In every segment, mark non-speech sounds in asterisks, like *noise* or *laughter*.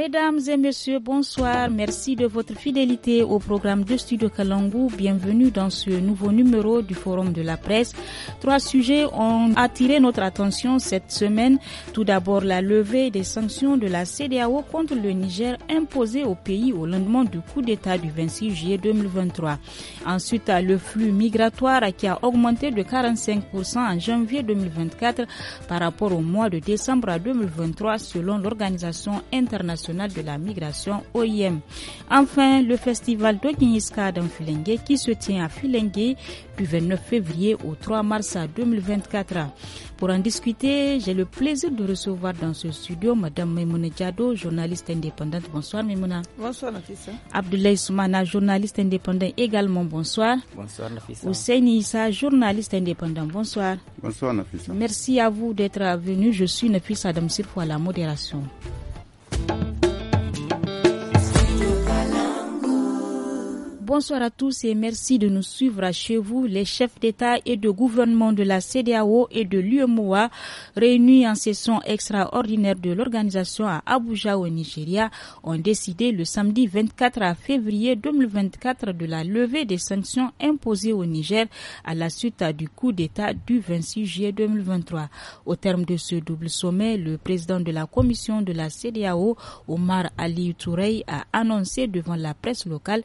Mesdames et messieurs, bonsoir. Merci de votre fidélité au programme de Studio Kalangu. Bienvenue dans ce nouveau numéro du Forum de la presse. Trois sujets ont attiré notre attention cette semaine. Tout d'abord, la levée des sanctions de la CDAO contre le Niger imposées au pays au lendemain du coup d'État du 26 juillet 2023. Ensuite, le flux migratoire qui a augmenté de 45% en janvier 2024 par rapport au mois de décembre 2023 selon l'Organisation internationale de la migration OIM. Enfin, le festival d'Oginiska dans Filengue qui se tient à Filengue du 29 février au 3 mars 2024. Pour en discuter, j'ai le plaisir de recevoir dans ce studio Madame Memouna Diado, journaliste indépendante. Bonsoir Memouna. Bonsoir Nafissa. Abdoulaye Soumana, journaliste indépendant également. Bonsoir. Bonsoir Nafissa. Hussein Issa, journaliste indépendant. Bonsoir. Bonsoir Nafissa. Merci à vous d'être venu. Je suis Nafissa Adam pour à la modération. bonsoir à tous et merci de nous suivre chez vous. Les chefs d'État et de gouvernement de la CDAO et de l'UMOA réunis en session extraordinaire de l'organisation à Abuja au Nigeria ont décidé le samedi 24 février 2024 de la levée des sanctions imposées au Niger à la suite du coup d'État du 26 juillet 2023. Au terme de ce double sommet, le président de la commission de la CDAO, Omar Ali Touré, a annoncé devant la presse locale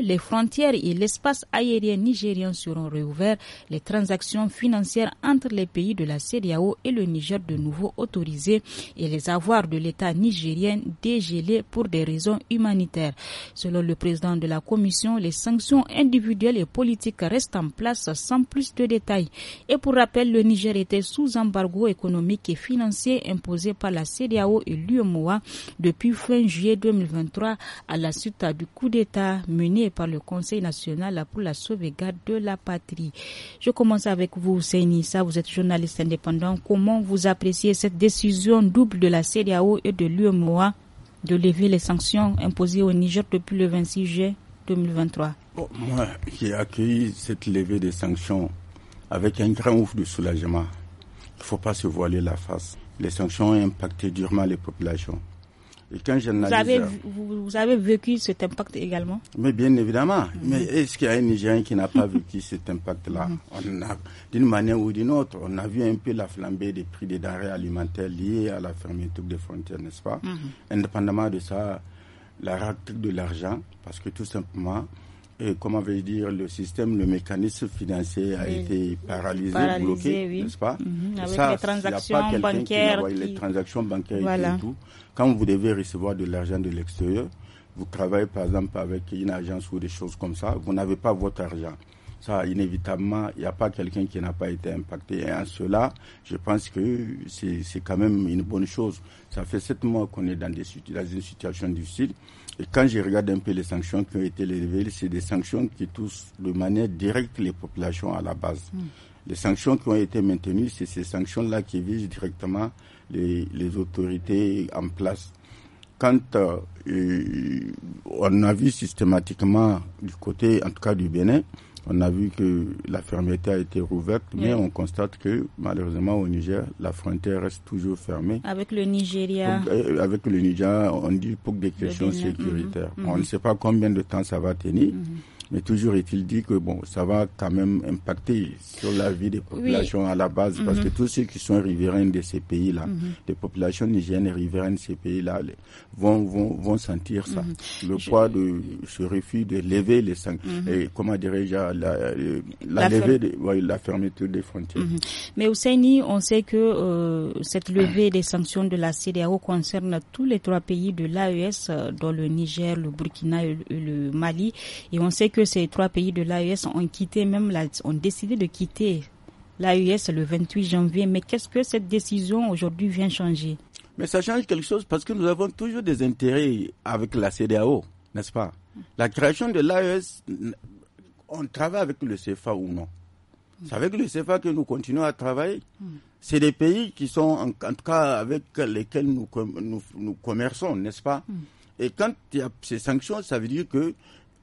les frontières et l'espace aérien nigérien seront réouverts, les transactions financières entre les pays de la CDAO et le Niger de nouveau autorisées et les avoirs de l'État nigérien dégelés pour des raisons humanitaires. Selon le président de la Commission, les sanctions individuelles et politiques restent en place sans plus de détails. Et pour rappel, le Niger était sous embargo économique et financier imposé par la CDAO et l'UMOA depuis fin juillet 2023 à la suite du coup d'État mené par le Conseil national pour la sauvegarde de la patrie. Je commence avec vous, Seynissa. Vous êtes journaliste indépendant. Comment vous appréciez cette décision double de la CDAO et de l'UMOA de lever les sanctions imposées au Niger depuis le 26 juin 2023 Moi, j'ai accueilli cette levée des sanctions avec un grand ouf de soulagement. Il ne faut pas se voiler la face. Les sanctions ont impacté durement les populations vous avez, vécu cet impact également Mais bien évidemment. Mhm. Mais est-ce qu'il y a un Nigérien qui n'a pas *laughs* vécu cet impact-là mhm. On a, D'une manière ou d'une autre, on a vu un peu la flambée des prix des denrées alimentaires liées à la fermeture des frontières, n'est-ce pas mhm. Indépendamment de ça, la rate de l'argent, parce que tout simplement, comment vais-je dire, le système, le mécanisme financier a été paralysé, bloqué, n'est-ce pas mhm, Avec les transactions pas bancaires. Qui... Les transactions bancaires voilà. et tout. Quand vous devez recevoir de l'argent de l'extérieur, vous travaillez par exemple avec une agence ou des choses comme ça, vous n'avez pas votre argent. Ça, inévitablement, il n'y a pas quelqu'un qui n'a pas été impacté. Et en cela, je pense que c'est quand même une bonne chose. Ça fait sept mois qu'on est dans, des, dans une situation difficile. Et quand je regarde un peu les sanctions qui ont été levées, c'est des sanctions qui touchent de manière directe les populations à la base. Hmm. Les sanctions qui ont été maintenues, c'est ces sanctions-là qui visent directement les, les, autorités en place. Quand euh, euh, on a vu systématiquement du côté, en tout cas du Bénin, on a vu que la fermeté a été rouverte, mais on constate que malheureusement au Niger, la frontière reste toujours fermée. Avec le Nigeria. Euh, avec le Nigeria, on dit pour des questions sécuritaires. Mhm, on ne mhm. sait pas combien de temps ça va tenir. Mhm. Mais toujours est-il dit que bon, ça va quand même impacter sur la vie des populations à la base, parce que mhm. tous ceux qui sont riverains de ces pays-là, mhm. les des populations nigériennes et riveraines de ces pays-là, vont, vont, vont sentir ça. Mhm. Le poids de ce refus de lever les sanctions, et comment dirais-je, euh, la, la, levée de, la fermeture des frontières. Mais au on sait que euh, cette levée des sanctions de la CDAO concerne tous les trois pays de l'AES, euh, dont le Niger, le Burkina et le Mali, et on sait que que ces trois pays de l'AES ont quitté, même ont décidé de quitter l'AES le 28 janvier. Mais qu'est-ce que cette décision aujourd'hui vient changer Mais ça change quelque chose parce que nous avons toujours des intérêts avec la CDAO, n'est-ce pas La création de l'AES, on travaille avec le CFA ou non c'est avec le CFA que nous continuons à travailler. C'est des pays qui sont, en, tout cas, avec lesquels nous, nous, commerçons, n'est-ce pas mm. Et quand il y a ces sanctions, ça veut dire que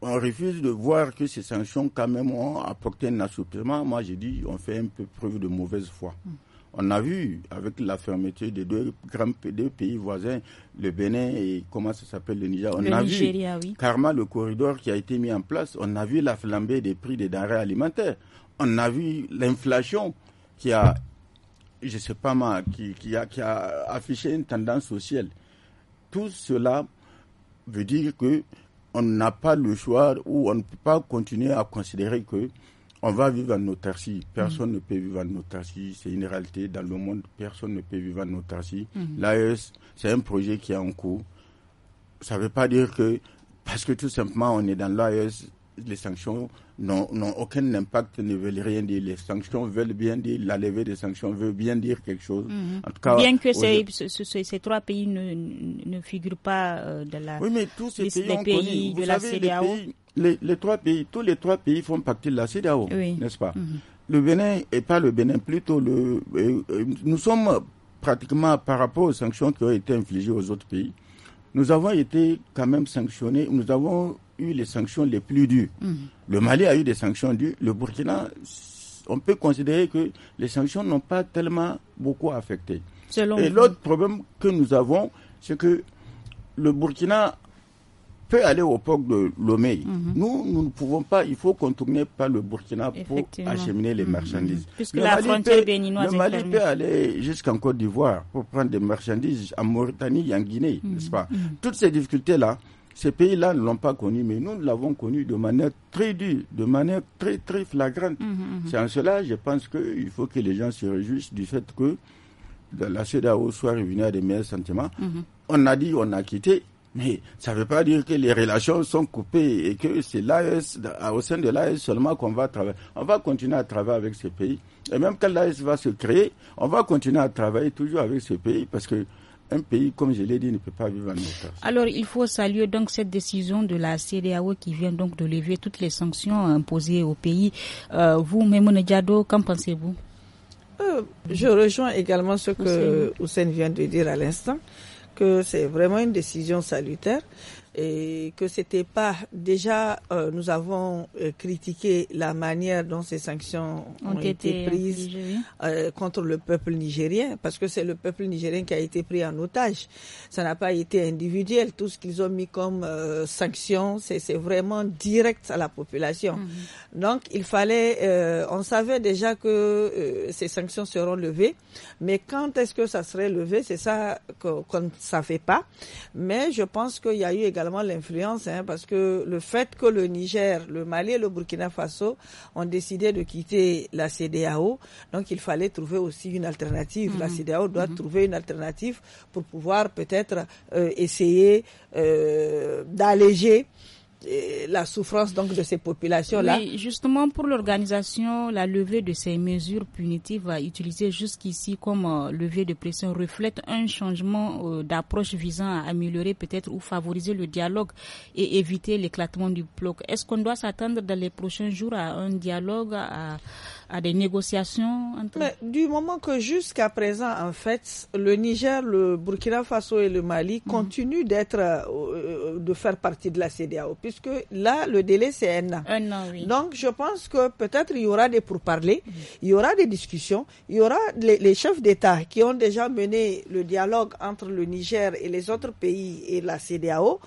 on refuse de voir que ces sanctions, quand même, ont apporté un assouplissement. Moi, j'ai dit, on fait un peu preuve de mauvaise foi. Mm. On a vu, avec la fermeture des deux, grands, pays voisins, le Bénin et comment ça s'appelle le Niger, on a vu, karma, le corridor qui a été mis en place, on a vu la flambée des prix des denrées alimentaires, on a vu l'inflation qui a, je sais pas moi, qui, a, qui a affiché une tendance sociale. Tout cela veut dire que on n'a pas le choix ou on ne peut pas continuer à considérer que on va vivre en autarcie. Personne ne peut vivre en autarcie. C'est une réalité. Dans le monde, personne ne peut vivre en autarcie. Mmh. L'AES, c'est un projet qui est en cours. Ça ne veut pas dire que, parce que tout simplement, on est dans l'AES, les sanctions n'ont aucun impact, ne veulent rien dire. Les sanctions veulent bien dire, la levée des sanctions veut bien dire quelque chose. Mm-hmm. bien que ces, trois pays ne, figurent pas euh, dans la oui, mais tous pays, de la trois pays, tous les trois pays font partie de la CDAO, n'est-ce pas mm-hmm. Le Bénin, et pas le Bénin, plutôt le. Euh, euh, nous sommes pratiquement par rapport aux sanctions qui ont été infligées aux autres pays nous avons été quand même sanctionnés, nous avons eu les sanctions les plus dures. Mhm. Le Mali a eu des sanctions dures, le Burkina, on peut considérer que les sanctions n'ont pas tellement beaucoup affecté. Et l'autre problème que nous avons, c'est que le Burkina peut aller au port de Lomé. Mhm. Nous, nous ne pouvons pas, il faut contourner par le Burkina pour acheminer les mhm. marchandises. Puisque que la frontière peut, Le Mali peut aller jusqu'en Côte d'Ivoire pour prendre des marchandises en Mauritanie, et en Guinée, mhm. n'est-ce pas Toutes ces difficultés-là, ces pays-là ne l'ont pas connu, mais nous l'avons connu de manière très dure, de manière très, très flagrante. C'est en cela, je pense qu'il faut que les gens se réjouissent du fait que la CEDAO soit revenue à des meilleurs sentiments. On a dit, on a quitté, mais ça ne veut pas dire que les relations sont coupées et que c'est l'AES, euh, au sein de l'AES seulement qu'on va travailler. On va continuer à travailler avec ce pays. Et même quand l'AES va se créer, on va continuer à travailler toujours avec ce pays parce que un pays, comme je l'ai dit, ne peut pas vivre en état. Alors, il faut saluer donc cette décision de la CDAO qui vient donc de lever toutes les sanctions imposées au pays. Euh, vous, Memoune Diado, qu'en pensez-vous euh, Je rejoins également ce que Hussein vient de dire à l'instant que c'est vraiment une décision salutaire, et que c'était pas déjà euh, nous avons euh, critiqué la manière dont ces sanctions ont, été, prises euh, contre le peuple nigérien parce que c'est le peuple nigérien qui a été pris en otage ça n'a pas été individuel tout ce qu'ils ont mis comme sanctions c'est vraiment direct à la population mhm. donc il fallait on savait déjà que ces sanctions seront levées mais quand est-ce que ça serait levé c'est ça qu'on ne savait pas mais je pense qu'il y a eu également l'influence, hein, parce que le fait que le Niger, le Mali et le Burkina Faso ont décidé de quitter la CDAO, donc il fallait trouver aussi une alternative. La mhm. CDAO doit mhm. trouver une alternative pour pouvoir peut-être euh, essayer euh, d'alléger la souffrance donc de ces populations-là. justement pour l'organisation, la levée de ces mesures punitives utilisées jusqu'ici comme euh, levée de pression reflète un changement euh, d'approche visant à améliorer peut-être ou favoriser le dialogue et éviter l'éclatement du bloc. Est-ce qu'on doit s'attendre dans les prochains jours à un dialogue, à, à des négociations entre... du moment que jusqu'à présent, en fait, le Niger, le Burkina Faso et le Mali mhm. continuent d'être, euh, euh, de faire partie de la CDAO, puisque là, le délai, c'est un an. Un an, oui. Donc, je pense que peut-être il y aura des pourparlers, il y aura des discussions, il y aura les, les chefs d'État qui ont déjà mené le dialogue entre le Niger et les autres pays et la CDAO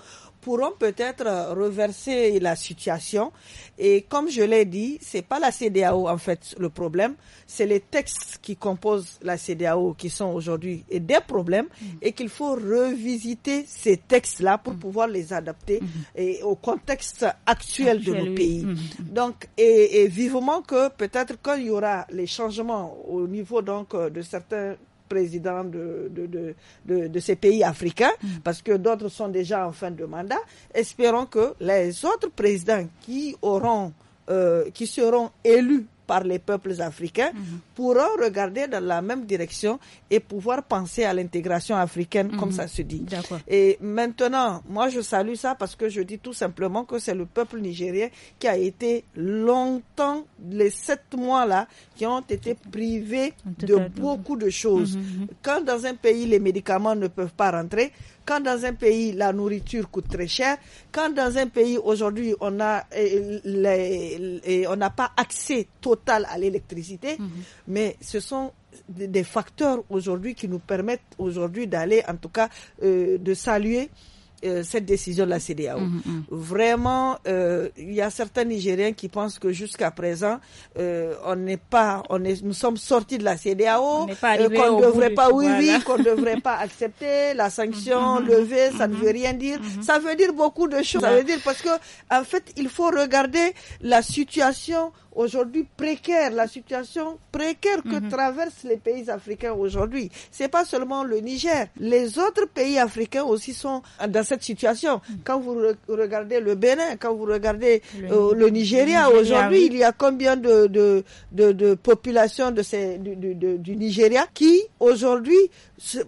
pourront peut-être euh, reverser la situation. Et comme je l'ai dit, c'est pas la CDAO en fait le problème, c'est les textes qui composent la CDAO qui sont aujourd'hui des problèmes mm. et qu'il faut revisiter ces textes-là pour mm. pouvoir les adapter mm-hmm. au contexte actuel, de nos pays. Mm-hmm. Donc, et, vivement que peut-être quand il y aura les changements au niveau donc euh, de certains présidents de, de, ces pays africains, mm. parce que d'autres sont déjà en fin de mandat. Espérons que les autres présidents qui auront, euh, qui seront élus par les peuples africains mm-hmm pourront regarder dans la même direction et pouvoir penser à l'intégration africaine, comme mhm. ça se dit. Et maintenant, moi, je salue ça parce que je dis tout simplement que c'est le peuple nigérien qui a été longtemps, les sept mois-là, qui ont été privés de beaucoup de choses. Mhm, mhm. Quand dans un pays, les médicaments ne peuvent pas rentrer, quand dans un pays la nourriture coûte très cher, quand dans un pays aujourd'hui on a on n'a pas accès total à l'électricité, mais ce sont des facteurs aujourd'hui qui nous permettent aujourd'hui d'aller, en tout cas, euh, de saluer euh, cette décision de la CDAO. Hum, hum, hum. Vraiment, euh, il y a certains Nigériens qui pensent que jusqu'à présent, euh, on n'est pas, on est, nous sommes sortis de la CDAO, euh, qu'on ne devrait pas, oui, oui, qu'on ne devrait pas accepter la *laughs* sanction levée, ça ne veut rien dire. Ça veut dire beaucoup de choses. Ça veut dire parce que, en fait, il faut regarder la situation aujourd'hui précaire, la situation précaire que mhm. traversent les pays africains aujourd'hui. C'est pas seulement le Niger. Les autres pays africains aussi sont dans cette situation. Mhm. Quand vous regardez le Bénin, quand vous regardez le, euh, Nigeria, aujourd'hui, il y a combien de, de, populations de ces, du, Nigeria qui aujourd'hui,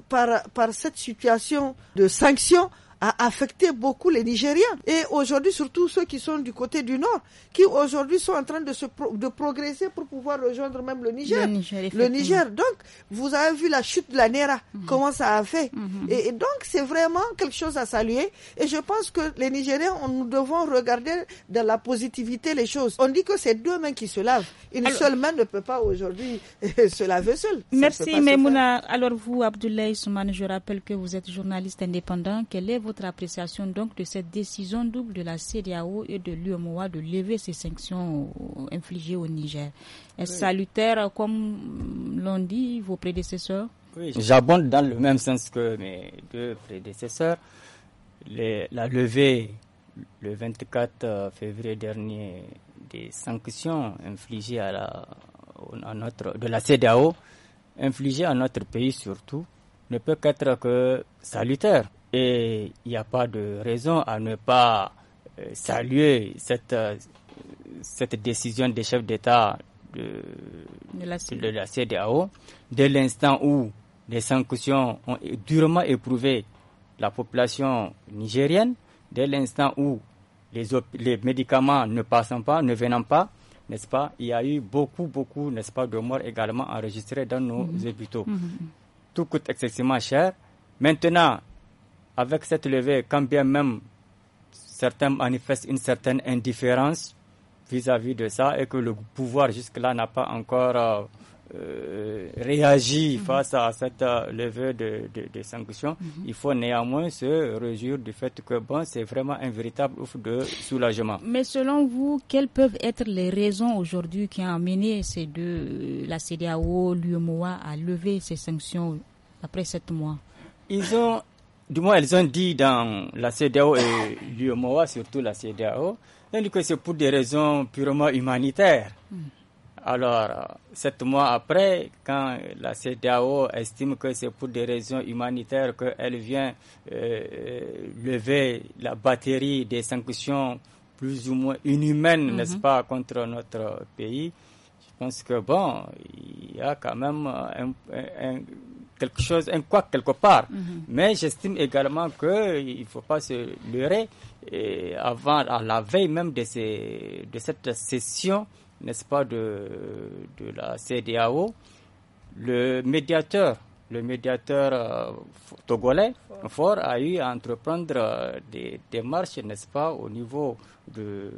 par, par cette situation de sanctions, a affecté beaucoup les Nigériens. Et aujourd'hui, surtout ceux qui sont du côté du Nord, qui aujourd'hui sont en train de, se de progresser pour pouvoir rejoindre même le Niger. Le Niger, Donc, vous avez vu la chute de la NERA, mhm. comment ça a fait. Mhm. et, donc, c'est vraiment quelque chose à saluer. Et je pense que les Nigériens, on, nous devons regarder dans la positivité les choses. On dit que c'est deux mains qui se lavent. Une seule main ne peut pas aujourd'hui *laughs* se laver seule. merci, Memouna. Alors, vous, Abdoulaye Soumane, je rappelle que vous êtes journaliste indépendant. quel est votre votre appréciation donc de cette décision double de la CDAO et de l'UMOA de lever ces sanctions infligées au Niger Est-ce salutaire comme l'ont dit vos prédécesseurs Oui, j'abonde dans le même sens que mes deux prédécesseurs. la levée le 24 euh, février dernier des sanctions infligées à la, à notre, de la CDAO, infligées à notre pays surtout, ne peut qu'être que salutaire. Et il n'y a pas de raison à ne pas euh, saluer cette, euh, cette décision des chefs d'État de, de, la de, CDAO dès l'instant où les sanctions ont durement éprouvé la population nigérienne, dès l'instant où les, les médicaments ne passant pas, ne venant pas, n'est-ce pas, il y a eu beaucoup, beaucoup, n'est-ce pas, de morts également enregistrées dans nos mhm. hôpitaux. Mhm. Tout coûte excessivement cher. Maintenant, avec cette levée, quand bien même certains manifestent une certaine indifférence vis-à-vis de ça et que le pouvoir jusque-là n'a pas encore euh, euh, réagi mhm. face à cette euh, levée de, sanctions, mhm. il faut néanmoins se réjouir du fait que bon, c'est vraiment un véritable ouf de soulagement. Mais selon vous, quelles peuvent être les raisons aujourd'hui qui ont amené ces deux, la CDAO, l'UMOA, à lever ces sanctions après sept mois Ils ont du moins elles ont dit dans la CDAO et l'UMOA, surtout la CDAO, que c'est pour des raisons purement humanitaires. Mm. Alors, sept mois après, quand la CDAO estime que c'est pour des raisons humanitaires qu'elle vient euh, euh, lever la batterie des sanctions plus ou moins inhumaines, n'est-ce mm-hmm. pas, contre notre pays, pense que bon, il y a quand même un, quelque chose, un quoi quelque part. Mhm. Mais j'estime également qu'il ne faut pas se leurrer avant, à la veille même de, de cette session, n'est-ce pas, de, de la CDAO. Le médiateur le médiateur euh, togolais Fort a eu à entreprendre euh, des démarches, n'est-ce pas, au niveau de,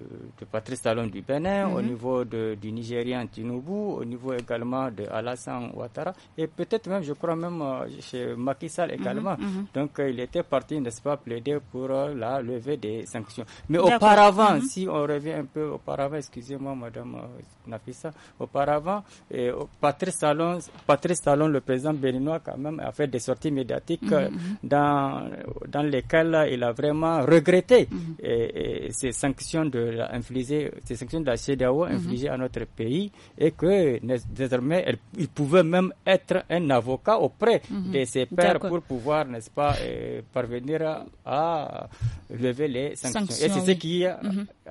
Patrice Talon du Bénin, au mm-hmm. niveau de, du Nigérian Tinubu, au niveau également de Alassane Ouattara, et peut-être même, je crois même, euh, chez Macky Sall mm-hmm, également. Mm-hmm. Donc, il était parti, n'est-ce pas, plaider pour la levée des sanctions. Mais auparavant, si on revient un peu auparavant, excusez-moi, Madame Nafissa, auparavant, Patrice Talon, Patrice Talon, le président béninois, quand même à fait des sorties médiatiques mhm, euh, mhm. dans, dans lesquelles il a vraiment regretté mhm. et, ces sanctions de la, infligées, ces sanctions de infligées à notre pays et que désormais il pouvait même être un avocat auprès de ses pairs pour pouvoir, n'est-ce pas, euh, parvenir à, lever les sanctions. et c'est ce qui a,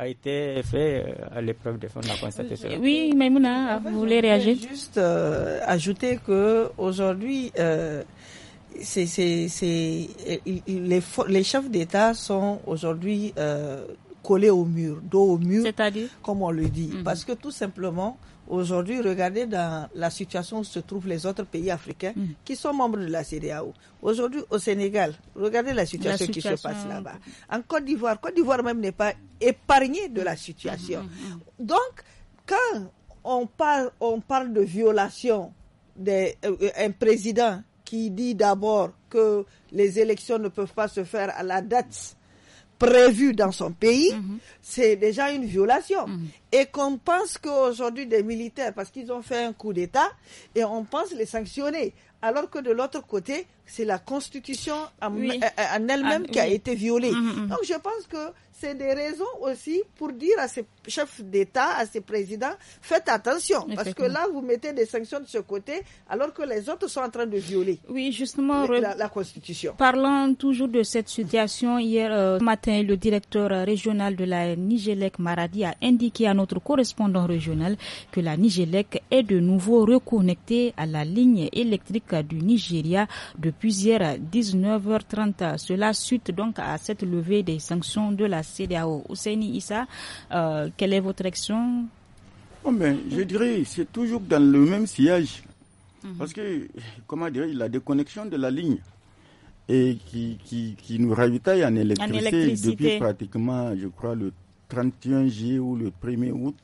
été fait euh, à l'épreuve des fonds de la Oui, Maimouna, vous voulez réagir Juste ajouter que aujourd'hui, euh, les, chefs d'État sont aujourd'hui euh, collés au mur, dos au mur, comme on le dit. Mhm. Parce que tout simplement, aujourd'hui, regardez dans la situation où se trouvent les autres pays africains mhm. qui sont membres de la CDAO. Aujourd'hui, au Sénégal, regardez la situation, qui se passe là-bas. En Côte d'Ivoire, Côte d'Ivoire même n'est pas épargnée de la situation. Mhm, Donc, quand on parle, on parle de violation euh, un président qui dit d'abord que les élections ne peuvent pas se faire à la date prévue dans son pays, mhm. c'est déjà une violation. Mhm. Et qu'on pense qu'aujourd'hui des militaires, parce qu'ils ont fait un coup d'État, et on pense les sanctionner. Alors que de l'autre côté, c'est la Constitution en, euh, elle-même ah, qui a été violée. Mhm, Donc je pense que c'est des raisons aussi pour dire à ces chefs d'État, à ces présidents, faites attention, parce que là, vous mettez des sanctions de ce côté, alors que les autres sont en train de violer. Oui, justement, la, Constitution. Parlant toujours de cette situation, hier euh, matin, le directeur régional de la Nigélec Maradi a indiqué à notre correspondant régional que la Nigélec est de nouveau reconnectée à la ligne électrique du Nigeria depuis hier à 19h30. Cela suite donc à cette levée des sanctions de la CDAO. isa euh, quelle est votre action ben, Je dirais c'est toujours dans le même sillage. Mhm. Parce que, comment dire, la déconnexion de la ligne et qui, qui, nous ravitaille en électricité, depuis pratiquement, je crois, le 31 juillet ou le 1er août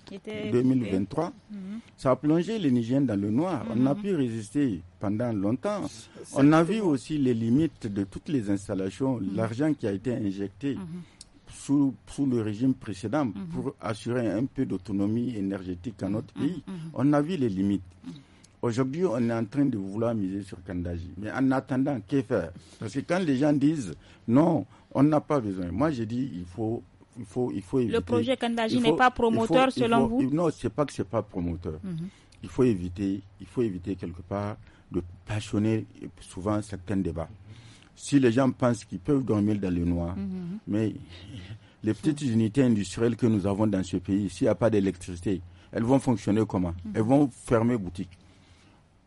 2023, mhm. ça a plongé les Nigériens dans le noir. On n'a mhm. pu résister pendant longtemps. On a vu aussi les limites de toutes les installations, l'argent qui a été injecté sous, sous, le régime précédent mhm. pour assurer un peu d'autonomie énergétique à notre mhm. pays. Mhm. On a vu les limites. Aujourd'hui, on est en train de vouloir miser sur Kandaji. Mais en attendant, que faire Parce que quand les gens disent non, on n'a pas besoin. Moi, j'ai dit il faut. Il faut, il faut éviter. Le projet Kandaji n'est pas promoteur selon vous Non, n'est pas que n'est pas promoteur. Il faut éviter, il faut éviter quelque part de passionner souvent certains débats si les gens pensent qu'ils peuvent dormir dans le noir, mhm. mais les petites unités industrielles que nous avons dans ce pays, s'il n'y a pas d'électricité, elles vont fonctionner comment mhm. Elles vont fermer boutique.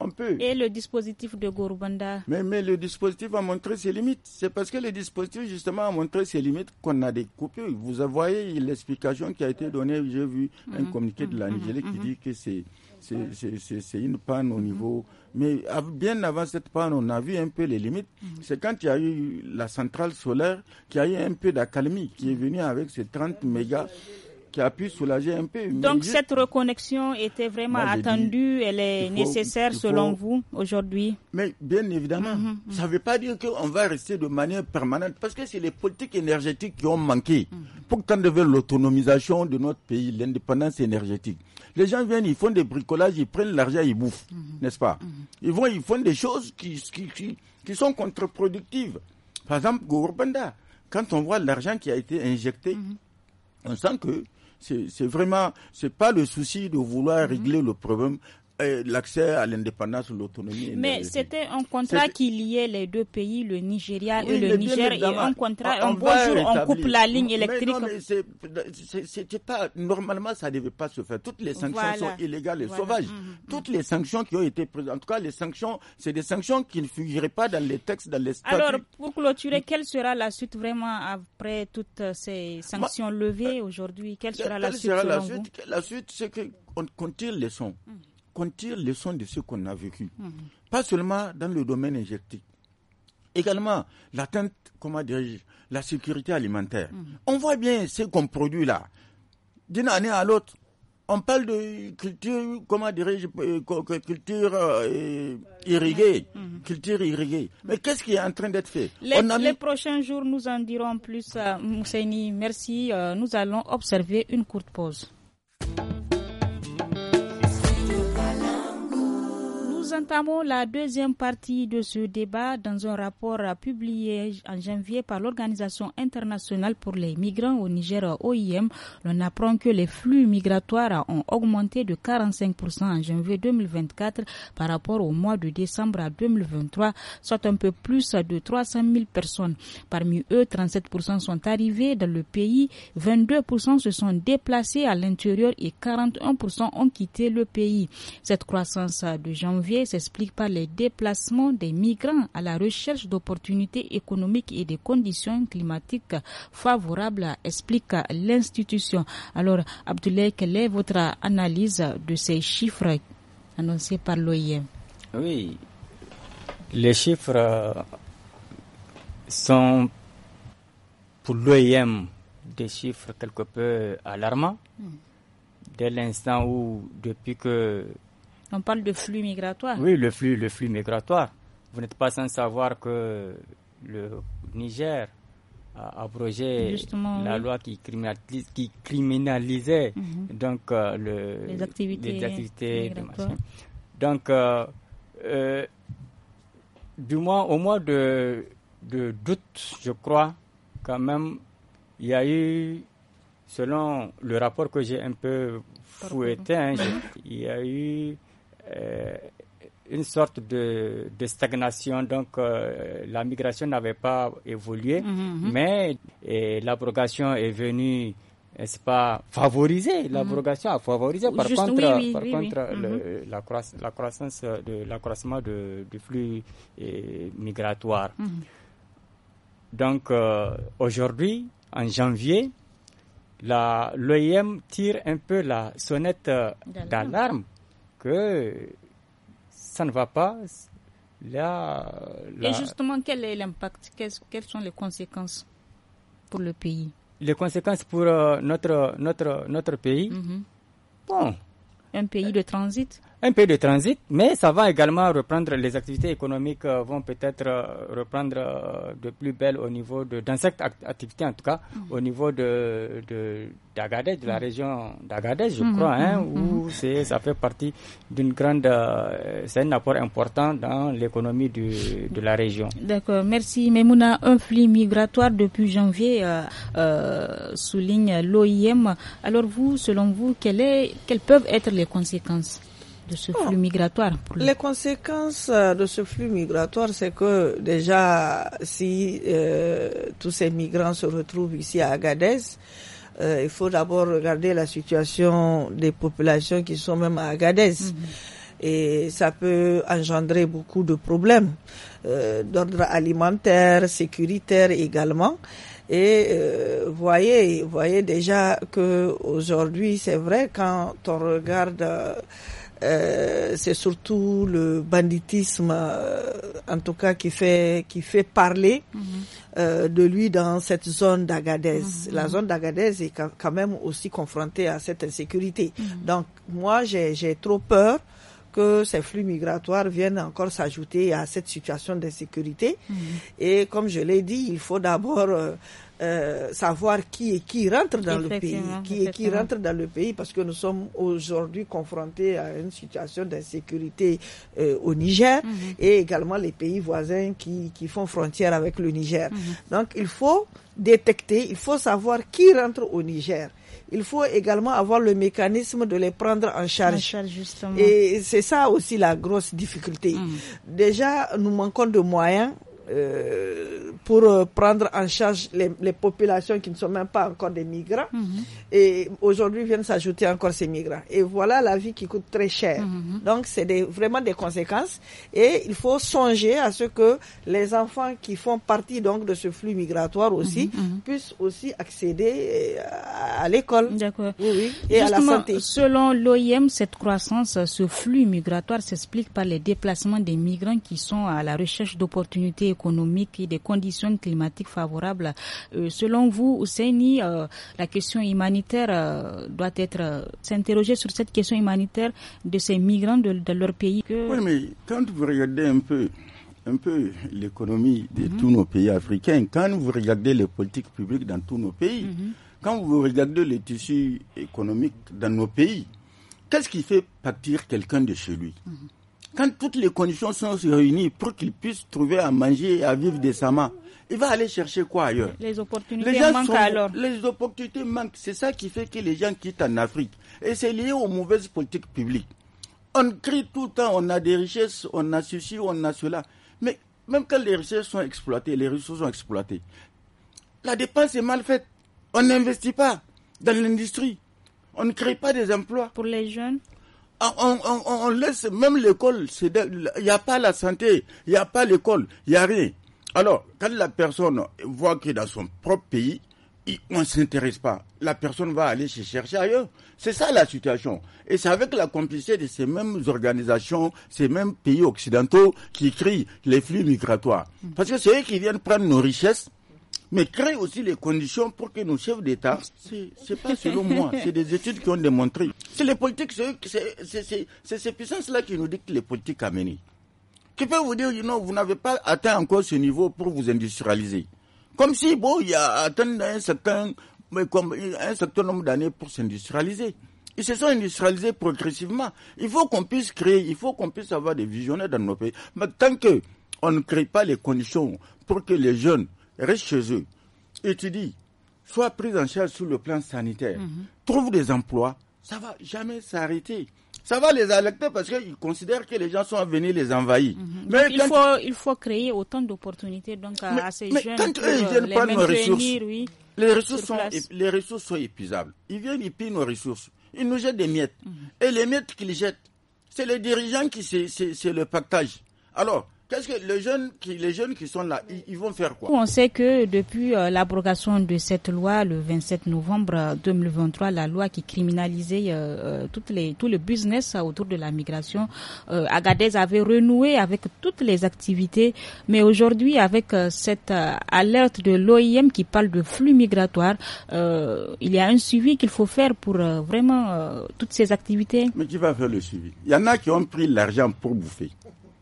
On peut. Et le dispositif de Gorubanda mais, mais le dispositif a montré ses limites. C'est parce que le dispositif, justement, a montré ses limites qu'on a des coupures. Vous voyez l'explication qui a été donnée. J'ai vu un mhm. communiqué de la qui dit que c'est une panne au niveau mais bien avant cette panne, on a vu un peu les limites. Mhm. C'est quand il y a eu la centrale solaire qui a eu un peu d'accalmie, qui est venue avec ses 30 mégas qui a pu soulager un peu. Donc cette reconnexion était vraiment attendue, elle est nécessaire selon vous aujourd'hui Mais bien évidemment, mhm, mhm. ça ne veut pas dire qu'on va rester de manière permanente parce que c'est les politiques énergétiques qui ont manqué pour qu'on devienne l'autonomisation de notre pays, l'indépendance énergétique. Les gens viennent, ils font des bricolages, ils prennent l'argent, ils bouffent, mhm. n'est-ce pas mhm. Ils vont, ils font des choses qui, sont contre-productives. Par exemple, Gourbanda, quand on voit l'argent qui a été injecté, mhm. on sent que c'est vraiment, pas le souci de vouloir régler le problème, eh, l'accès à l'indépendance, l'autonomie. Mais c'était un contrat qui liait les deux pays, le Nigeria et le Niger, et un contrat, ah, on, un jour, on coupe la ligne électrique. c'était pas, normalement, ça ne devait pas se faire. Toutes les sanctions sont illégales et sauvages. Mm, mm, mm. Toutes les sanctions qui ont été prises, en tout cas, les sanctions, c'est des sanctions qui ne figuraient pas dans les textes, dans les statuts. Alors, pour clôturer, quelle sera la suite vraiment après toutes ces sanctions levées aujourd'hui? Quelle sera euh, la suite? la, suite c'est qu'on continue les sons. On tire le son de ce qu'on a vécu. Mhm. Pas seulement dans le domaine énergétique. Également, l'atteinte, comment dirais-je, la sécurité alimentaire. Mhm. On voit bien ce qu'on produit là. D'une année à l'autre, on parle de culture, comment dirais euh, euh, mhm. culture irriguée, culture irriguée. Mais qu'est-ce qui est en train d'être fait les, les, prochains jours, nous en dirons plus, Mousseni. Merci. Euh, nous allons observer une courte pause. nous entamons la deuxième partie de ce débat dans un rapport publié en janvier par l'Organisation internationale pour les migrants au Niger OIM. On apprend que les flux migratoires ont augmenté de 45% en janvier 2024 par rapport au mois de décembre 2023, soit un peu plus de 300 000 personnes. Parmi eux, 37% sont arrivés dans le pays, 22% se sont déplacés à l'intérieur et 41% ont quitté le pays. Cette croissance de janvier s'explique par les déplacements des migrants à la recherche d'opportunités économiques et des conditions climatiques favorables, explique l'institution. Alors, Abdoulaye, quelle est votre analyse de ces chiffres annoncés par l'OIM Oui, les chiffres sont pour l'OIM des chiffres quelque peu alarmants. Hmm. Dès l'instant où, depuis que on parle de flux migratoire. Oui, le flux, le flux migratoire. Vous n'êtes pas sans savoir que le Niger a abrogé Justement, la loi qui, criminalise, qui criminalisait mhm. donc, euh, les activités, les activités donc, euh, euh, du moins, au mois de, doute, je crois, quand même, il y a eu, selon le rapport que j'ai un peu fouetté, hein, mhm. il y a eu euh, une sorte de, stagnation. Donc, euh, la migration n'avait pas évolué, mhm, mhm. mais l'abrogation est venue, n'est-ce pas, favoriser. Mhm. L'abrogation a favorisé. Par contre, par contre la, la croissance de l'accroissement du flux eh, migratoire. Donc, euh, aujourd'hui, en janvier, l'OIM tire un peu la sonnette d'alarme que ça ne va pas. Là, Et justement, quel est l'impact Quelles, quelles sont les conséquences pour le pays Les conséquences pour euh, notre, notre, notre pays mm-hmm. Un pays de transit un peu de transit, mais ça va également reprendre, les activités économiques euh, vont peut-être euh, reprendre euh, de plus belle au niveau de, dans cette activité en tout cas, mm. au niveau de, d'Agadez, de, la mm. région d'Agadez, je mm-hmm. crois, hein, mm-hmm. où mm-hmm. c'est, ça fait partie d'une grande, c'est un apport important dans l'économie de la région. D'accord, merci. Mais Memouna, un flux migratoire depuis janvier, souligne l'OIM. Alors vous, selon vous, quelles, est, quelles peuvent être les conséquences de ce ah. flux migratoire les... conséquences euh, de ce flux migratoire, c'est que déjà, si euh, tous ces migrants se retrouvent ici à Agadez, euh, il faut d'abord regarder la situation des populations qui sont même à Agadez. Mhm. et ça peut engendrer beaucoup de problèmes euh, d'ordre alimentaire, sécuritaire également. Et voyez, voyez déjà que aujourd'hui, c'est vrai quand on regarde. Euh, c'est surtout le banditisme, euh, en tout cas, qui fait qui fait parler mhm. euh, de lui dans cette zone d'Agadez. Mhm. La zone d'Agadez est quand même aussi confrontée à cette insécurité. Mhm. Donc moi, j'ai trop peur que ces flux migratoires viennent encore s'ajouter à cette situation d'insécurité. Et comme je l'ai dit, il faut d'abord euh, euh, savoir qui et qui rentre dans le pays, qui est qui rentre dans le pays, parce que nous sommes aujourd'hui confrontés à une situation d'insécurité euh, au Niger mhm. et également les pays voisins qui, qui font frontière avec le Niger. Mhm. Donc il faut détecter, il faut savoir qui rentre au Niger il faut également avoir le mécanisme de les prendre en charge. Et c'est ça aussi la grosse difficulté. Mhm. Déjà, nous manquons de moyens euh, pour euh, prendre en charge les, les, populations qui ne sont même pas encore des migrants. Mhm. Et aujourd'hui viennent s'ajouter encore ces migrants. Et voilà la vie qui coûte très cher. Mhm. Donc c'est des, vraiment des conséquences. Et il faut songer à ce que les enfants qui font partie donc de ce flux migratoire aussi mhm. puissent aussi accéder euh, à, l'école. Oui, et à la santé. Selon l'OIM, cette croissance, ce flux migratoire s'explique par les déplacements des migrants qui sont à la recherche d'opportunités économique et des conditions climatiques favorables. Euh, selon vous, Ousseini, euh, la question humanitaire euh, doit être s'interroger sur cette question humanitaire de ces migrants de, leur pays. Que... Oui, mais quand vous regardez un peu un peu l'économie de mhm. tous nos pays africains, quand vous regardez les politiques publiques dans tous nos pays, mhm. quand vous regardez les tissus économiques dans nos pays, qu'est-ce qui fait partir quelqu'un de chez lui mhm. Quand toutes les conditions sont réunies pour qu'ils puissent trouver à manger et à vivre décemment, il va aller chercher quoi ailleurs Les opportunités manquent alors. Les opportunités manquent. C'est ça qui fait que les gens quittent en Afrique. Et c'est lié aux mauvaises politiques publiques. On crie tout le temps, on a des richesses, on a ceci, on a cela. Mais même quand les richesses sont exploitées, les ressources sont exploitées, la dépense est mal faite. On n'investit pas dans l'industrie. On ne crée pas des emplois. Pour les jeunes on, on, on laisse même l'école, il n'y a pas la santé, il n'y a pas l'école, il n'y a rien. Alors, quand la personne voit que dans son propre pays, on ne s'intéresse pas. La personne va aller se chercher ailleurs. C'est ça la situation. Et c'est avec la complicité de ces mêmes organisations, ces mêmes pays occidentaux qui crient les flux migratoires. Parce que c'est eux qui viennent prendre nos richesses mais crée aussi les conditions pour que nos chefs d'État, c'est pas selon moi, c'est des études qui ont démontré. C'est les politiques, c'est ces puissances-là qui nous dictent les politiques à mener. Qui peut vous dire, non vous n'avez pas atteint encore ce niveau pour vous industrialiser. Comme si, bon, il y a atteint un certain, nombre d'années pour s'industrialiser. Ils se sont industrialisés progressivement. Il faut qu'on puisse créer, il faut qu'on puisse avoir des visionnaires dans nos pays. Mais tant que on ne crée pas les conditions pour que les jeunes Reste chez eux, étudie, soit pris en charge sur le plan sanitaire, mhm. trouve des emplois, ça va jamais s'arrêter. Ça va les alerter parce qu'ils considèrent que les gens sont venus les envahir. Mhm. Mais il, faut, créer autant d'opportunités donc à, ces Quand eux, ils euh, viennent prendre nos ressources, les, ressources sont, les ressources épuisables. Ils viennent, ils pillent nos ressources. Ils nous jettent des miettes. Mhm. Et les miettes qu'ils jettent, c'est les dirigeants qui, c'est le pactage. Alors, Qu'est-ce que les jeunes qui, les jeunes qui sont là, ils, vont faire quoi On sait que depuis euh, l'abrogation de cette loi le 27 novembre 2023, la loi qui criminalisait euh, euh, toutes les, tout le business autour de la migration, Agadez avait renoué avec toutes les activités, mais aujourd'hui avec cette alerte de l'OIM qui parle de flux migratoire, il y a un suivi qu'il faut faire pour vraiment toutes ces activités. Mais qui va faire le suivi Il y en a qui ont pris l'argent pour bouffer.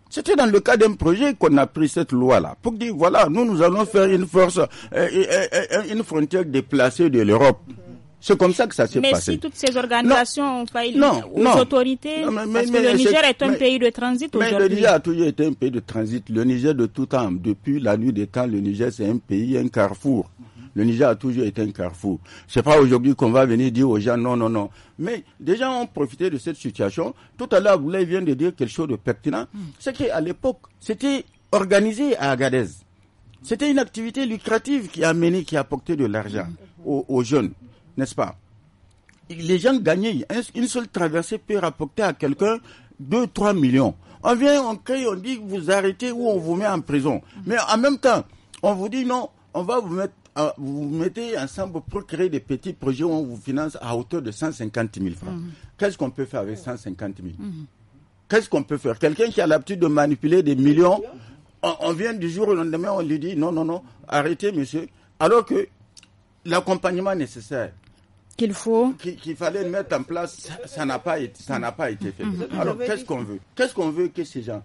C'était dans le cadre d'un projet qu'on a pris cette loi-là pour dire voilà, nous nous allons faire une force, euh, euh, euh, une frontière déplacée de l'Europe. C'est comme ça que ça s'est passé. Mais si toutes ces organisations ont failli, non, autorités, que le Niger est, un pays de transit aujourd'hui. Mais le Niger a toujours été un pays de transit. Le Niger de tout temps, depuis la nuit des temps, le Niger c'est un pays, un carrefour. Le Niger a toujours été un carrefour. C'est pas aujourd'hui qu'on va venir dire aux gens non, non, non. Mais gens ont profité de cette situation. Tout à l'heure, vous vient de dire quelque chose de pertinent. Hmm. C'est qu'à l'époque, c'était organisé à Agadez. C'était une activité lucrative qui a mené, qui a apporté de l'argent hmm. aux, jeunes, n'est-ce pas Les gens gagnaient. Une seule traversée peut rapporter à quelqu'un 2-3 millions. On vient, on crée, on dit vous arrêtez ou on vous met en prison. Hmm. Mais en même temps, on vous dit non, on va vous mettre vous ah, vous mettez ensemble pour créer des petits projets où on vous finance à hauteur de 150 000 francs. Mhm. Qu'est-ce qu'on peut faire avec 150 000 mhm. Qu'est-ce qu'on peut faire Quelqu'un qui a l'habitude de manipuler des millions, on, vient du jour au lendemain, on lui dit non, non, non, arrêtez monsieur. Alors que l'accompagnement nécessaire qu'il faut qu'il fallait mettre en place, ça n'a pas été, ça n'a pas été fait. Mhm. Alors qu'est-ce qu'on veut Qu'est-ce qu'on veut que ces gens,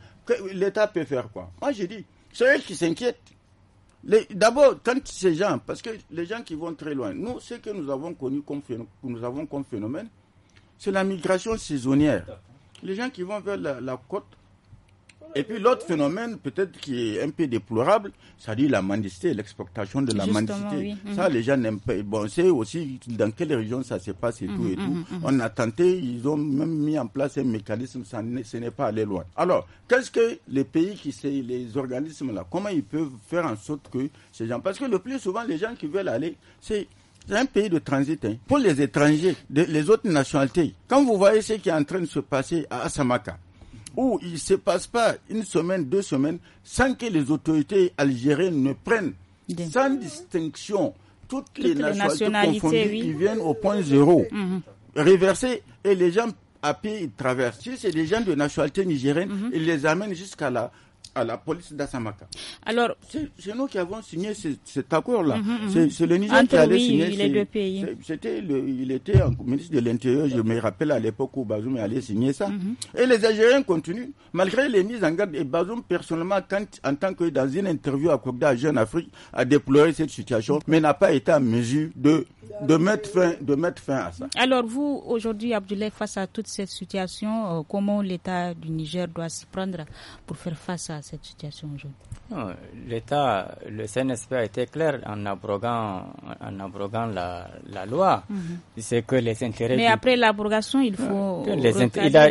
l'État peut faire quoi Moi j'ai dit, ceux qui s'inquiètent D'abord, quand ces gens, parce que les gens qui vont très loin, nous, ce que nous avons connu comme phénomène, nous avons comme phénomène, c'est la migration saisonnière. Les gens qui vont vers la côte, et puis l'autre phénomène, peut-être qui est un peu déplorable, cest à la mendicité, l'exportation de la mendicité. Ça, mhm. les gens n'aiment pas. Bon, c'est aussi dans quelle région ça se passe et tout mhm, et tout. Mhm, On a tenté, ils ont même mis en place un mécanisme, ça ce n'est pas allé loin. Alors, qu'est-ce que les pays qui, les organismes là, comment ils peuvent faire en sorte que ces gens, parce que le plus souvent, les gens qui veulent aller, c'est un pays de transit. Hein, pour les étrangers, les autres nationalités, quand vous voyez ce qui est en train de se passer à Asamaka, où il ne se passe pas une semaine, deux semaines, sans que les autorités algériennes ne prennent, sans distinction, toutes, les, nationalités, qui viennent au point zéro, mhm. et les gens à pied, ils traversent. Si c'est des gens de nationalité nigérienne, mhm. ils les amènent jusqu'à là à la police d'Assamaka. Alors, c'est nous qui avons signé cet accord-là. Mhm, mhm. C'est le Niger qui allait oui, signer. Les deux pays. il était ministre de l'Intérieur, je me rappelle à l'époque où Bazoum allait signer ça. Mhm. Et les Algériens continuent, malgré les mises en garde. Et Bazoum, personnellement, quand, en tant que dans une interview à Kogda Jeune Afrique, a déploré cette situation, mais n'a pas été en mesure de, de, mettre, fin, de mettre fin à ça. Alors, vous, aujourd'hui, Abdoulaye, face à toute cette situation, euh, comment l'État du Niger doit s'y prendre pour faire face à cette situation aujourd'hui L'État, le CNSP a été clair en abrogant, en abrogant la, loi. C'est mhm. que les intérêts. Mais après l'abrogation, il faut. Les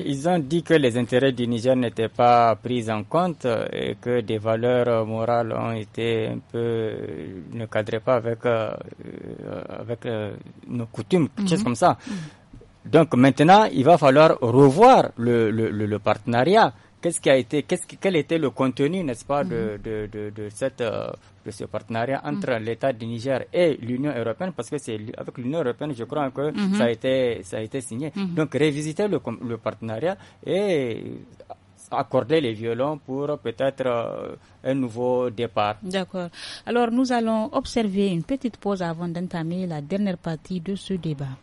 ils ont dit que les intérêts du Niger n'étaient pas pris en compte et que des valeurs euh, morales ont été un peu. Euh, ne cadraient pas avec, euh, avec nos coutumes, quelque chose mhm. comme ça. Donc maintenant, il va falloir revoir le partenariat Qu'est-ce qui a été, qu'est-ce quel était le contenu, n'est-ce pas, de, mhm. cette, euh, ce partenariat mhm. entre l'État du Niger et l'Union européenne, parce que c'est avec l'Union européenne, je crois que mhm. ça a été, ça a été signé. Donc révisiter le, le partenariat et accorder les violons pour peut-être euh, un nouveau départ. D'accord. Alors nous allons observer une petite pause avant d'entamer la dernière partie de ce débat.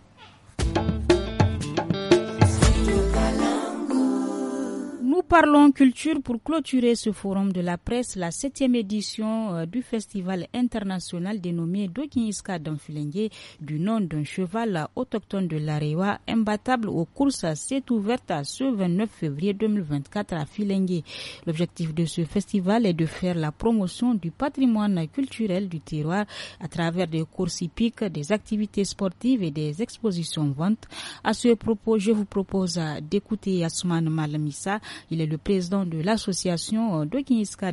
Nous parlons culture pour clôturer ce forum de la presse, la septième édition euh, du festival international dénommé dans Danfilengue, du nom d'un cheval autochtone de l'Arewa, imbattable aux courses, s'est ouverte ce 29 février 2024 à Filengue. L'objectif de ce festival est de faire la promotion du patrimoine culturel du terroir à travers des courses hippiques, des activités sportives et des expositions-ventes. À ce propos, je vous propose d'écouter Asman Malamissa il est le président de l'association euh, de Guinisca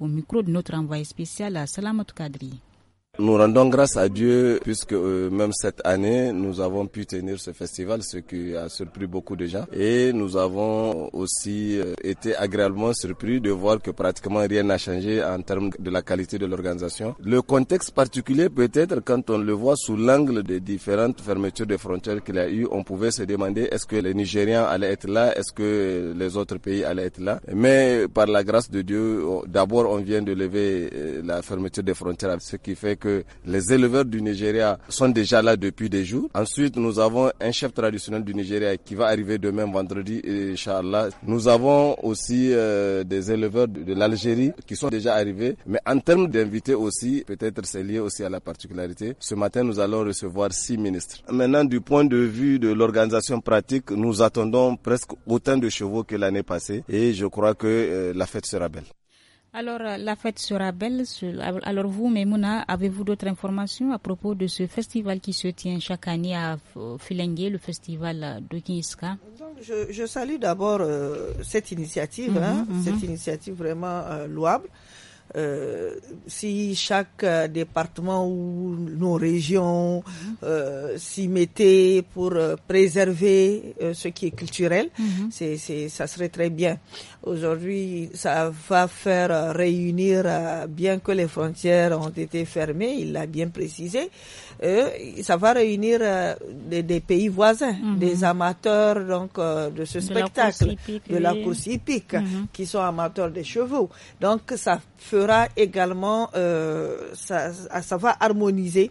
au micro de notre envoyé spécial euh, Salamat Kadri. Nous rendons grâce à Dieu puisque euh, même cette année, nous avons pu tenir ce festival, ce qui a surpris beaucoup de gens. Et nous avons aussi euh, été agréablement surpris de voir que pratiquement rien n'a changé en termes de la qualité de l'organisation. Le contexte particulier peut-être quand on le voit sous l'angle des différentes fermetures de frontières qu'il a eu, on pouvait se demander est-ce que les Nigériens allaient être là, est-ce que les autres pays allaient être là. Mais par la grâce de Dieu, oh, d'abord on vient de lever euh, la fermeture des frontières, ce qui fait que les éleveurs du Nigeria sont déjà là depuis des jours. Ensuite, nous avons un chef traditionnel du Nigeria qui va arriver demain vendredi, Inch'Allah. Nous avons aussi euh, des éleveurs de, l'Algérie qui sont déjà arrivés. Mais en termes d'invités aussi, peut-être c'est lié aussi à la particularité. Ce matin, nous allons recevoir six ministres. Maintenant, du point de vue de l'organisation pratique, nous attendons presque autant de chevaux que l'année passée et je crois que euh, la fête sera belle. Alors, euh, la fête sera belle. Alors, vous, Memouna, avez-vous d'autres informations à propos de ce festival qui se tient chaque année à euh, Filengue, le festival euh, de Kinska je, je, salue d'abord cette initiative, hein, mhm, mhm. cette initiative vraiment louable. Euh, si chaque euh, département ou nos régions euh, s'y mettaient pour euh, préserver ce qui est culturel, mhm. c'est, ça serait très bien. Aujourd'hui, ça va faire réunir, bien que les frontières ont été fermées, il l'a bien précisé, ça va réunir des, des, pays voisins, mhm. des amateurs donc de ce spectacle, de la course hippique, mhm. qui sont amateurs des chevaux. Donc ça fera également, euh, ça, va harmoniser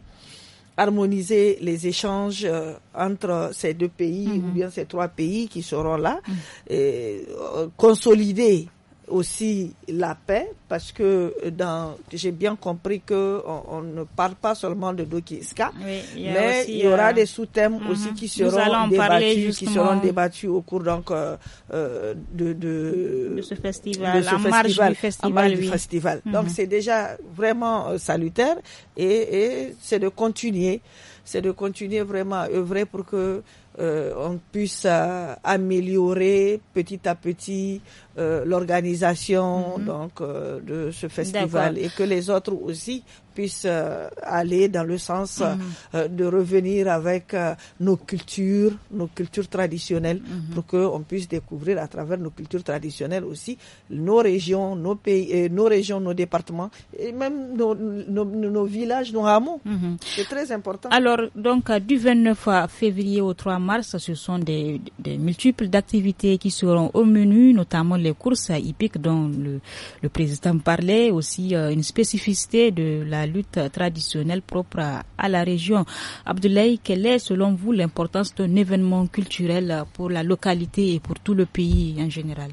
harmoniser les échanges euh, entre ces deux pays mm-hmm. ou bien ces trois pays qui seront là, mm-hmm. et, euh, consolider aussi la paix, parce que euh, dans, j'ai bien compris que on, ne parle pas seulement de Dokiska, mais il y aura euh, des sous-thèmes mhm. aussi qui seront débattus, qui seront débattus au cours donc euh, euh de, de, ce festival, de ce festival, marge du festival. Mhm. Donc c'est déjà vraiment salutaire et, et c'est de continuer, c'est de continuer vraiment à œuvrer pour que euh, on puisse euh, améliorer petit à petit euh, l'organisation mhm. donc de ce festival et que les autres aussi puisse euh, aller dans le sens euh, mhm. de revenir avec euh, nos cultures, nos cultures traditionnelles, mhm. pour qu'on puisse découvrir à travers nos cultures traditionnelles aussi nos régions, nos pays, nos régions, nos départements, et même nos, nos, villages, nos hameaux. Mhm. C'est très important. Alors, donc, du 29 février au 3 mars, ce sont des, multiples d'activités qui seront au menu, notamment les courses hippiques dont le, le président parlait, aussi une spécificité de la lutte traditionnelle propre à, la région. Abdoulaye, quelle est selon vous l'importance d'un événement culturel pour la localité et pour tout le pays en général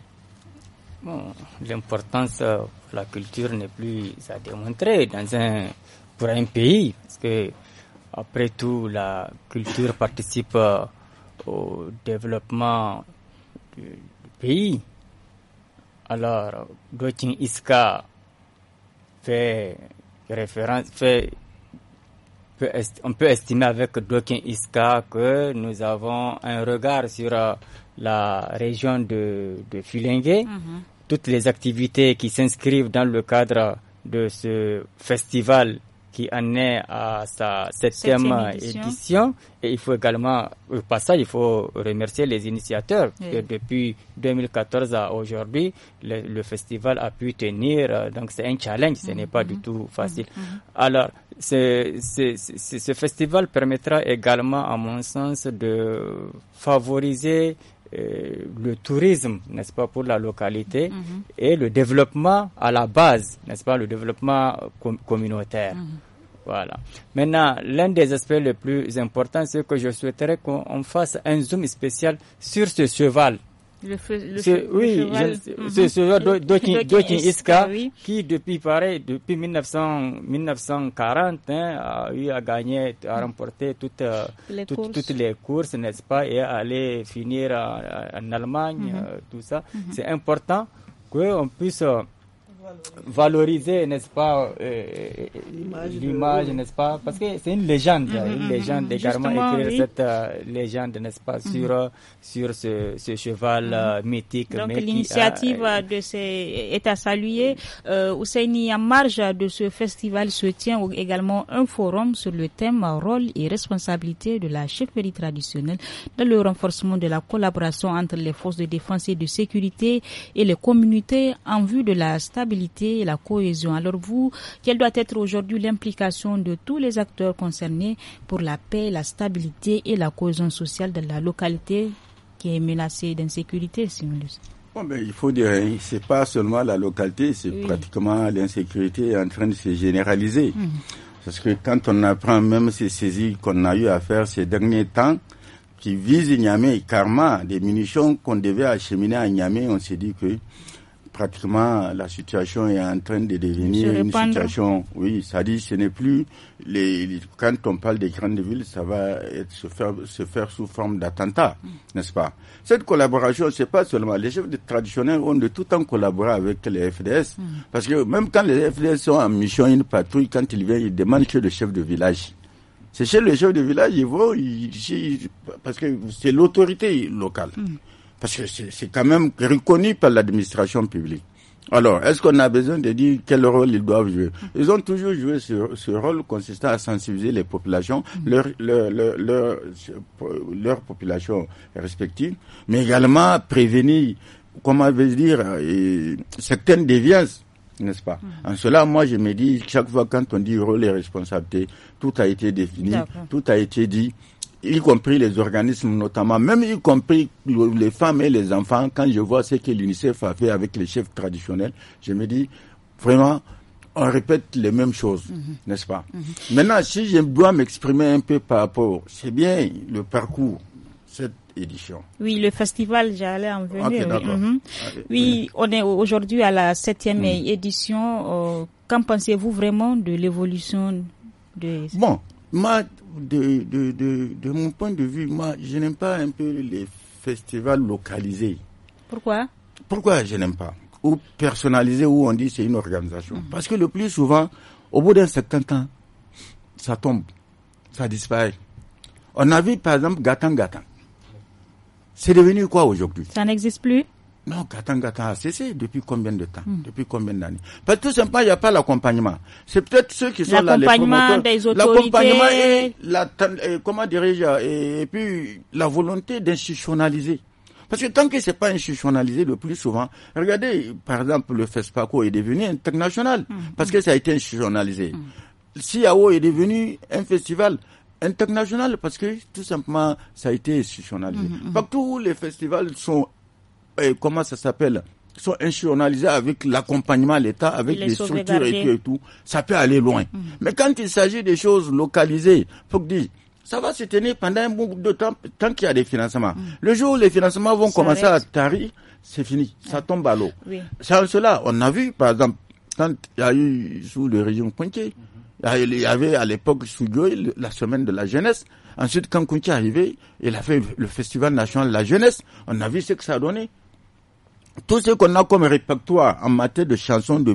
L'importance de euh, la culture n'est plus à démontrer dans un, pour un pays, parce que après tout, la culture participe euh, au développement du pays. Alors, Gautin Iska fait référence on peut estimer avec Dokin Iska que nous avons un regard sur euh, la région de, de mhm. Toutes les activités qui s'inscrivent dans le cadre de ce festival qui en est à sa septième, édition. Et il faut également, au passage, il faut remercier les initiateurs. Que depuis 2014 à aujourd'hui, le, festival a pu tenir. Donc c'est un challenge, ce n'est pas du mhm. tout facile. Mhm. Mhm. Alors, ce, ce festival permettra également, à mon sens, de favoriser euh, le tourisme, n'est-ce pas, pour la localité mhm. et le développement à la base, n'est-ce pas, le développement euh, communautaire. Mhm. Voilà. Maintenant, l'un des aspects les plus importants, c'est que je souhaiterais qu'on fasse un zoom spécial sur ce cheval le, c'est, oui, c'est mhm. Dokin Iska qui, depuis, pareil, depuis 1900, 1940, hein, a eu à gagné à toutes, euh, les, toutes, courses. les courses, n'est-ce pas, et aller finir euh, en, Allemagne, mhm. euh, tout ça. Mhm. C'est important qu'on puisse valoriser, n'est-ce pas, euh, l'image, n'est-ce pas, parce que c'est une légende, une mm-hmm, mm-hmm, légende également, mm-hmm. écrire cette euh, légende, n'est-ce pas, sur, euh, sur ce, cheval mythique. Donc l'initiative de ces est à saluer. Euh, Ousseini, en marge de ce festival, soutient également un forum sur le thème rôle et responsabilité de la chefferie traditionnelle dans le renforcement de la collaboration entre les forces de défense et de sécurité et les communautés en vue de la stabilité stabilité et la cohésion. Alors vous, quelle doit être aujourd'hui l'implication de tous les acteurs concernés pour la paix, la stabilité et la cohésion sociale de la localité qui est menacée d'insécurité, si Bon, il faut dire, hein, c'est pas seulement la localité, c'est pratiquement l'insécurité en train de se généraliser. Hum. Parce que quand on apprend même ces saisies qu'on a eu à faire ces derniers temps, qui visent Niamey, karma, des munitions qu'on devait acheminer à Niamey, on s'est dit que pratiquement la situation est en train de devenir une situation. Oui, ça dit, ce n'est plus les, quand on parle des grandes villes, ça va être, se faire se faire sous forme d'attentat, n'est-ce pas Cette collaboration, c'est pas seulement les chefs de traditionnels ont de tout temps collaboré avec les FDS, mm. parce que même quand les FDS sont en mission, une patrouille, quand ils viennent, ils demandent chez le chef de village. C'est chez le chef de village, ils vont, parce que c'est l'autorité locale. Mm. Parce que c'est quand même reconnu par l'administration publique. Alors, est-ce qu'on a besoin de dire quel rôle ils doivent jouer Ils ont toujours joué ce, rôle consistant à sensibiliser les populations, mm. leur, leur, leur, population respective, mais également prévenir, comment vais-je dire, euh, certaines déviances n'est-ce pas mm. En cela, moi, je me dis, chaque fois quand on dit rôle et responsabilité, tout a été défini, tout a été dit y compris les organismes notamment, même y compris les femmes et les enfants, quand je vois ce que l'UNICEF a fait avec les chefs traditionnels, je me dis vraiment, on répète les mêmes choses, mhm. n'est-ce pas mhm. Maintenant, si je dois m'exprimer un peu par rapport, c'est bien le parcours, cette édition. Oui, le festival, j'allais en venir. Mhm. oui. on est aujourd'hui à la septième édition. Euh, qu'en pensez-vous vraiment de l'évolution de... Bon, moi, de, de, de, mon point de vue, moi, je n'aime pas un peu les festivals localisés. Pourquoi Pourquoi je n'aime pas Ou personnalisés, où on dit c'est une organisation. Parce que le plus souvent, au bout d'un certain temps, ça tombe, ça disparaît. On a vu par exemple Gatan Gatan. C'est devenu quoi aujourd'hui Ça n'existe plus non, Gatan a cessé depuis combien de temps hmm. Depuis combien d'années Parce que tout simplement, il n'y a pas l'accompagnement. C'est peut-être ceux qui sont là, L'accompagnement des L'accompagnement et, la, comment dirais-je, et, puis la volonté d'institutionnaliser. Parce que tant que c'est pas institutionnalisé le plus souvent, regardez, par exemple, le FESPACO est devenu international hmm. parce que ça a été institutionnalisé. Le hmm. CIAO est devenu un festival international parce que tout simplement ça a été institutionnalisé. Partout tous les festivals sont euh, comment ça s'appelle sont institutionnalisés avec l'accompagnement à l'État, avec les, structures et tout, ça peut aller loin. Mhm. Mais quand il s'agit des choses localisées, faut dire, ça va se tenir pendant un bon bout de temps, tant qu'il y a des financements. Mhm. Le jour où les financements vont commencer à tarir, c'est fini, ça tombe à l'eau. cela, on a vu, par exemple, quand il y a eu sous le régime Pointier, il y avait à l'époque sous la semaine de la jeunesse. Ensuite, quand Kunti est arrivé, il a fait le festival national de la jeunesse. On a vu ce que ça a donné tout ce qu'on a comme répertoire en matière de chansons, de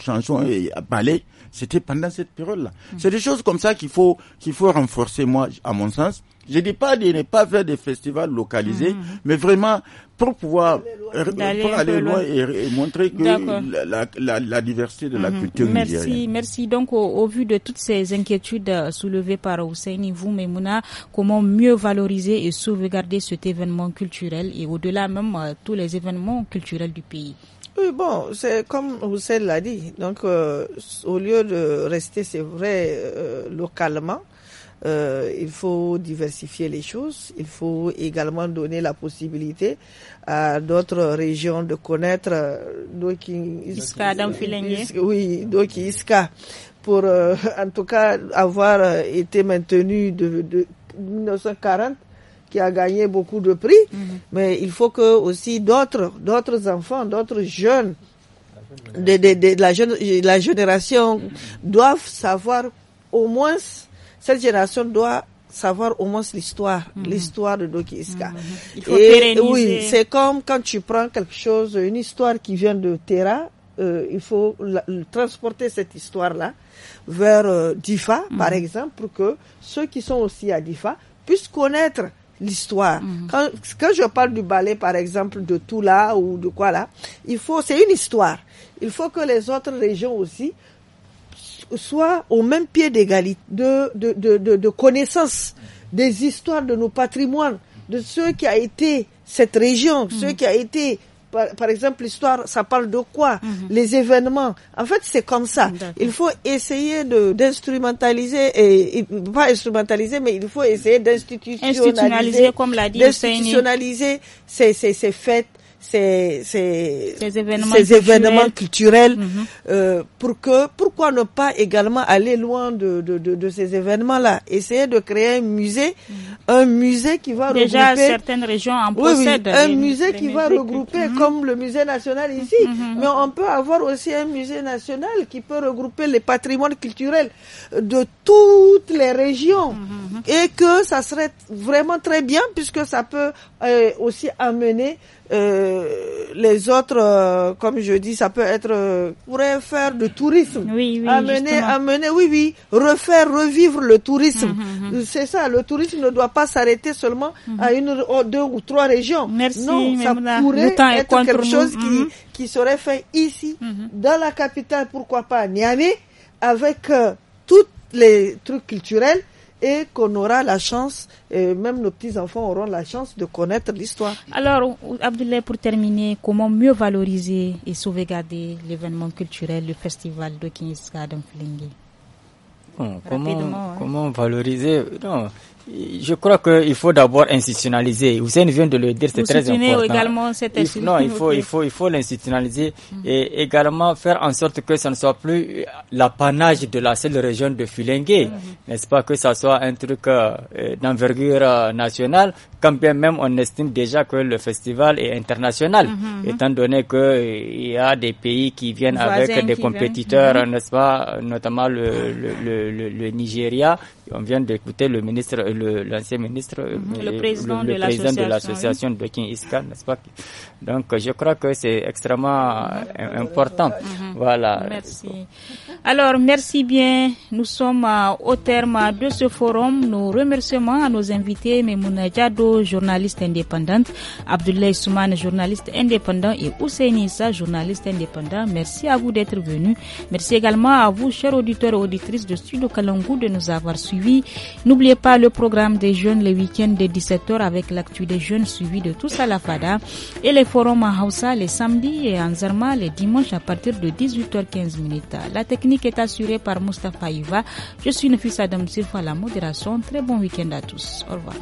chansons et ballets, c'était pendant cette période-là. Mm. C'est des choses comme ça qu'il faut, qu'il faut renforcer, moi, à mon sens. Je dis pas de ne pas faire des festivals localisés, mhm. mais vraiment pour pouvoir aller, loin, et, montrer que la, diversité de la mhm. culture merci, Merci. Donc, au, vu de toutes ces inquiétudes euh, soulevées par Hussein, vous, Memouna, comment mieux valoriser et sauvegarder cet événement culturel et au-delà même euh, tous les événements culturels du pays oui, bon, c'est comme Roussel l'a dit. Donc, euh, au lieu de rester, c'est vrai, localement, euh, il faut diversifier les choses. Il faut également donner la possibilité à d'autres régions de connaître euh, Iska Oui, Iska pour euh, en tout cas avoir euh, été maintenu de, 1940 qui a gagné beaucoup de prix, mhm. mais il faut que aussi d'autres, d'autres enfants, d'autres jeunes de, de la, jeune, la génération doivent savoir au moins cette génération doit savoir au moins l'histoire, mhm. l'histoire de Doki Iska. Mhm. Il faut et pérenniser. oui, c'est comme quand tu prends quelque chose, une histoire qui vient de Terra, euh, il faut transporter cette histoire-là vers euh, Difa, mhm. par exemple, pour que ceux qui sont aussi à Difa puissent connaître l'histoire. Quand, je parle du ballet, par exemple, de Toula ou de quoi là, il faut, c'est une histoire. Il faut que les autres régions aussi soit au même pied d'égalité, de, de, connaissance des histoires de nos patrimoines, de ce qui a été cette région, ce mm. qui a été par, exemple, l'histoire, ça parle de quoi mm-hmm. Les événements. En fait, c'est comme ça. Il faut essayer d'instrumentaliser et, pas instrumentaliser, mais il faut essayer d'institutionnaliser, comme l'a dit, ces fêtes, ces, événements, culturels, mhm. euh, pour que pourquoi ne pas également aller loin de, de, ces événements-là, essayer de créer un musée, mhm. un musée qui va déjà certaines régions en un musée qui va regrouper comme le musée national mhm. ici, mais on peut avoir aussi un musée national qui peut regrouper les patrimoines culturels de toutes les régions. Mhm. et que ça serait vraiment très bien puisque ça peut euh, aussi amener euh, les autres, euh, comme je dis, ça peut être euh, pourrait faire du tourisme, amener, amener, oui, oui, refaire revivre le tourisme. Mhm, mhm, C'est ça, le tourisme ne doit pas s'arrêter seulement à une, oh, deux ou trois régions. non, ça pourrait être quelque chose qui qui serait fait ici, dans la capitale, pourquoi pas à Niamey, avec toutes tous les trucs culturels et qu'on aura la chance, et même nos petits-enfants auront la chance de connaître l'histoire. Alors, Abdoulaye, pour terminer, comment mieux valoriser et sauvegarder l'événement culturel, le festival de Kinska d'Amflingui. comment, hein. comment valoriser non, je crois qu'il faut d'abord institutionnaliser. Hussein vient de le dire, c'est très important. il, Non, il faut, il faut, il faut l'institutionnaliser hmm. et également faire en sorte que ce ne soit plus l'apanage de la seule région de Filingue, hmm. n'est-ce pas, que ça soit un truc euh, d'envergure euh, nationale, même on estime déjà que le festival est international, mhm. étant donné qu'il y a des pays qui viennent avec des compétiteurs, mhm. n'est-ce pas, notamment le, Nigeria. On vient d'écouter le ministre, l'ancien ministre, mhm. euh, le, président de l'association de King Iskan, n'est-ce pas Donc, je crois que c'est extrêmement euh, important. Voilà. Merci. Alors, merci bien. Nous sommes euh, au terme de ce forum. Nos remerciements à nos invités, Memouna journaliste indépendante, Abdoulaye Soumane, journaliste indépendant et Hussein Issa, journaliste indépendant. Merci à vous d'être venu Merci également à vous, chers auditeurs et auditrices de Studio Kalangou, de nous avoir suivis. N'oubliez pas le programme des jeunes le week-end de 17h avec l'actu des jeunes suivi de tous à la FADA et les forums à Hausa les samedis et en Zarma les dimanches à partir de 18h15 minutes. La technique est assurée par Mustapha Iva. Je suis Nefis Adam Sirfa à la modération. Très bon week-end à tous. Au revoir.